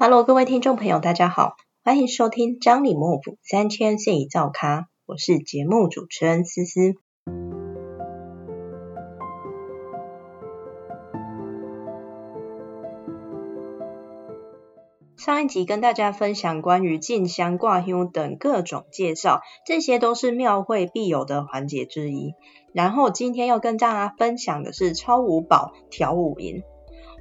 Hello，各位聽眾朋友，大家好，歡迎收聽《張里木府三千歲造咖，我是節目主持人思思。上一集跟大家分享關於進香、掛香等各種介紹，這些都是廟會必有的環節之一。然後今天要跟大家分享的是操五寶、調五營。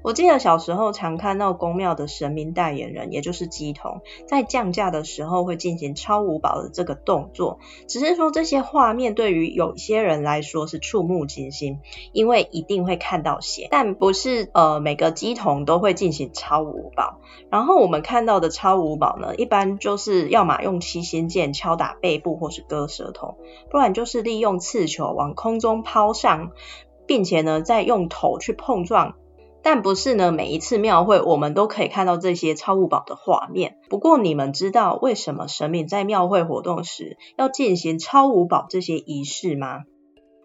我記得小時候常看到宮廟的神明代言人，也就是乩童，在降駕的時候會進行操五寶的這個動作。只是說這些畫面對於有些人來說是觸目驚心，因為一定會看到血，但不是呃每個乩童都會進行操五寶。然後我們看到的操五寶呢，一般就是要嘛用七星劍敲打背部或是割舌頭，不然就是利用刺球往空中拋上，並且呢再用頭去碰撞。但不是呢，每一次廟會我們都可以看到這些操五寶的畫面。不過你們知道為什麼神明在廟會活動時要進行操五寶這些儀式嗎？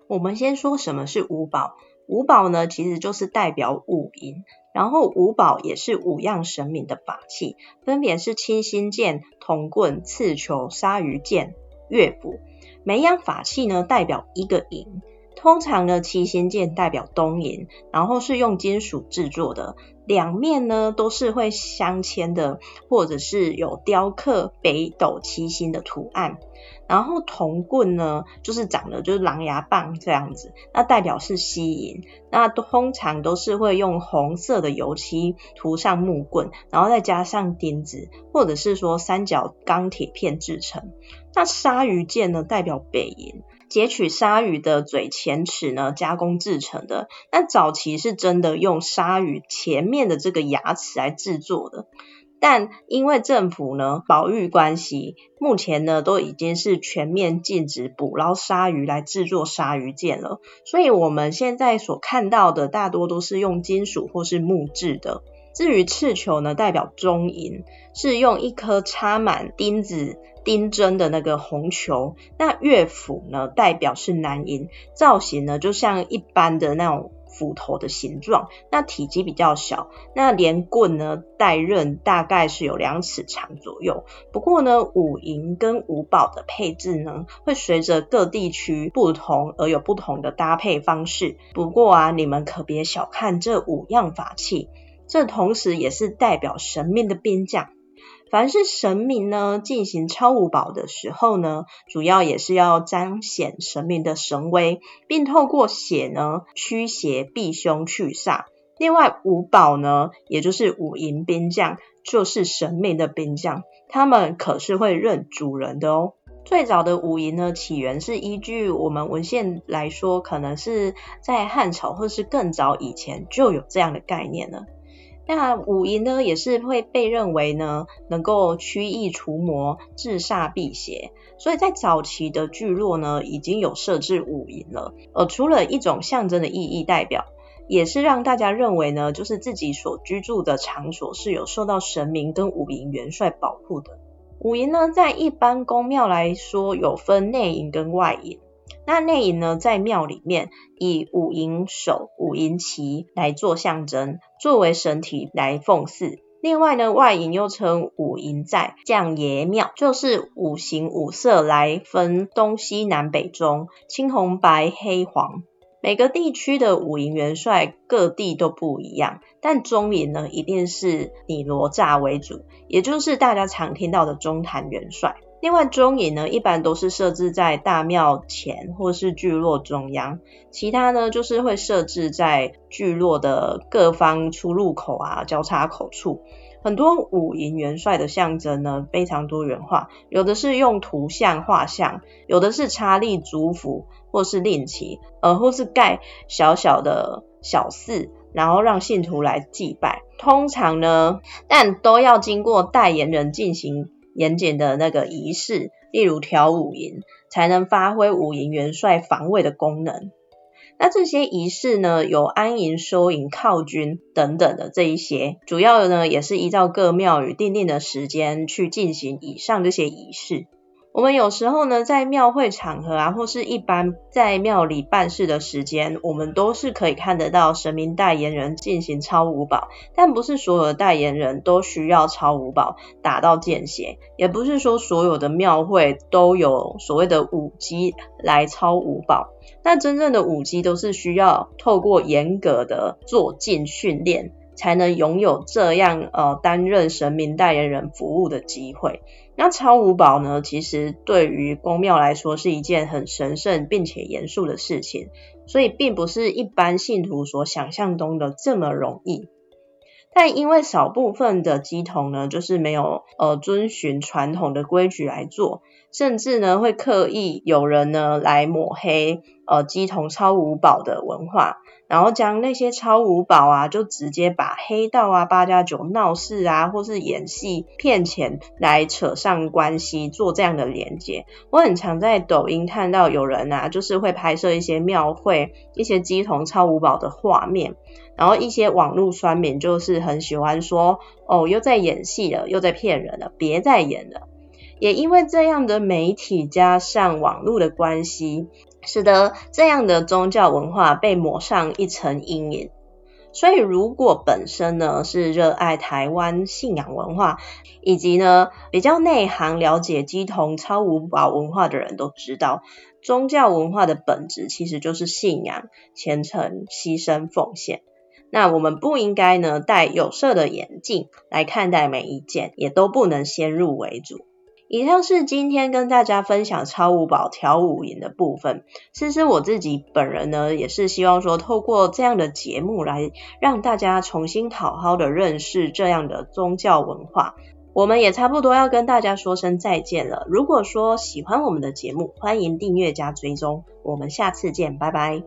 我們先說什麼是五寶。五寶呢，其實就是代表五營；然後五寶也是五樣神明的法器，分別是七星劍、銅棍、刺球、鯊魚劍、月斧。每一樣法器呢，代表一個營。通常的七星劍代表東營，然後是用金屬製作的，兩面呢都是會鑲嵌的，或者是有雕刻北斗七星的圖案。然後銅棍呢，就是長的就是狼牙棒這樣子，那代表是西營。那通常都是會用紅色的油漆塗上木棍，然後再加上釘子，或者是說三角鋼鐵片制成。那鯊魚劍呢，代表北營。截取鯊魚的嘴前齒呢，加工制成的。那早期是真的用鯊魚前面的這個牙齒來制作的，但因為政府呢，保育關係，目前呢都已經是全面禁止捕撈鯊魚來制作鯊魚劍了，所以我們現在所看到的大多都是用金屬或是木製的。至於刺球呢，代表中營，是用一顆插滿釘子、釘針的那個紅球。那月斧呢，代表是南營，造型呢就像一般的那種斧頭的形狀，那體積比較小。那連棍呢，帶刃，大概是有兩尺長左右。不過呢，五營跟五寶的配置呢，會隨着各地區不同而有不同的搭配方式。不過啊，你們可別小看這五樣法器。這同時也是代表神明的兵將，凡是神明呢進行超五寶的時候呢，主要也是要彰顯神明的神威，並透過血呢驅邪避凶去煞。另外五寶呢，也就是五營兵將，就是神明的兵將，他們可是會認主人的哦。最早的五營呢起源，是依據我們文獻來說，可能是在漢朝或是更早以前就有這樣的概念了。那五營呢，也是會被認為呢，能夠驅疫除魔、治煞辟邪，所以在早期的聚落呢，已經有設置五營了。而除了一種象徵的意義代表，也是讓大家認為呢，就是自己所居住的場所是有受到神明跟五營元帥保護的。五營呢，在一般宮廟來說，有分內營跟外營。那內營呢，在廟裡面以五營首、五營旗來做象徵，作為神體來奉祀。另外呢，外營又稱五營寨、將爺廟，就是五行五色來分東西南北中，青紅白黑黃。每個地區的五營元帥各地都不一樣，但中營呢，一定是以哪吒為主，也就是大家常聽到的中壇元帥。另外，中營呢，一般都是設置在大廟前或是聚落中央，其他呢，就是會設置在聚落的各方出入口啊、交叉口處。很多五營元帥的象徵呢，非常多元化，有的是用圖像畫像，有的是插立竹符，或是令旗，呃，或是蓋小小的小寺，然後讓信徒來祭拜。通常呢，但都要經過代言人進行嚴謹的那個儀式，例如調五營，才能發揮五營元帥防衛的功能。那這些儀式呢，有安營、收營、犒軍等等的這一些，主要呢也是依照各廟宇定定的時間去進行以上這些儀式。我們有時候呢，在廟會場合啊，或是一般在廟裡辦事的時間，我們都是可以看得到神明代言人進行操五寶。但不是所有的代言人都需要操五寶打到見血，也不是說所有的廟會都有所謂的武乩來操五寶。但真正的武乩都是需要透過嚴格的坐禁訓練，才能擁有這樣呃擔任神明代言人服務的機會。那操五寶呢，其實對於宮廟來說是一件很神聖並且嚴肅的事情，所以並不是一般信徒所想象中的這麼容易。但因為少部分的乩童呢，就是沒有呃遵循傳統的規矩來做，甚至呢會刻意有人呢來抹黑。呃，乩童操五寶的文化，然後將那些操五寶啊，就直接把黑道啊、八加九鬧事啊，或是演戲騙錢來扯上關係，做這樣的連接。我很常在抖音看到有人啊，就是會拍攝一些廟會、一些乩童操五寶的畫面，然後一些網絡酸民就是很喜歡說，哦，又在演戲了，又在騙人了，別再演了。也因為這樣的媒體加上網絡的關係，使得這樣的宗教文化被抹上一層陰影。所以，如果本身呢是熱愛台灣信仰文化，以及呢比較內行了解乩童操五寶文化的人都知道，宗教文化的本質其實就是信仰、虔誠、犧牲、奉獻。那我們不應該呢戴有色的眼鏡來看待每一件，也都不能先入為主。以上是今天跟大家分享操五寶調五營的部分。其實我自己本人呢，也是希望說透過這樣的節目來讓大家重新好好的認識這樣的宗教文化。我們也差不多要跟大家說聲再見了。如果說喜歡我們的節目，歡迎訂閱加追蹤。我們下次見，拜拜。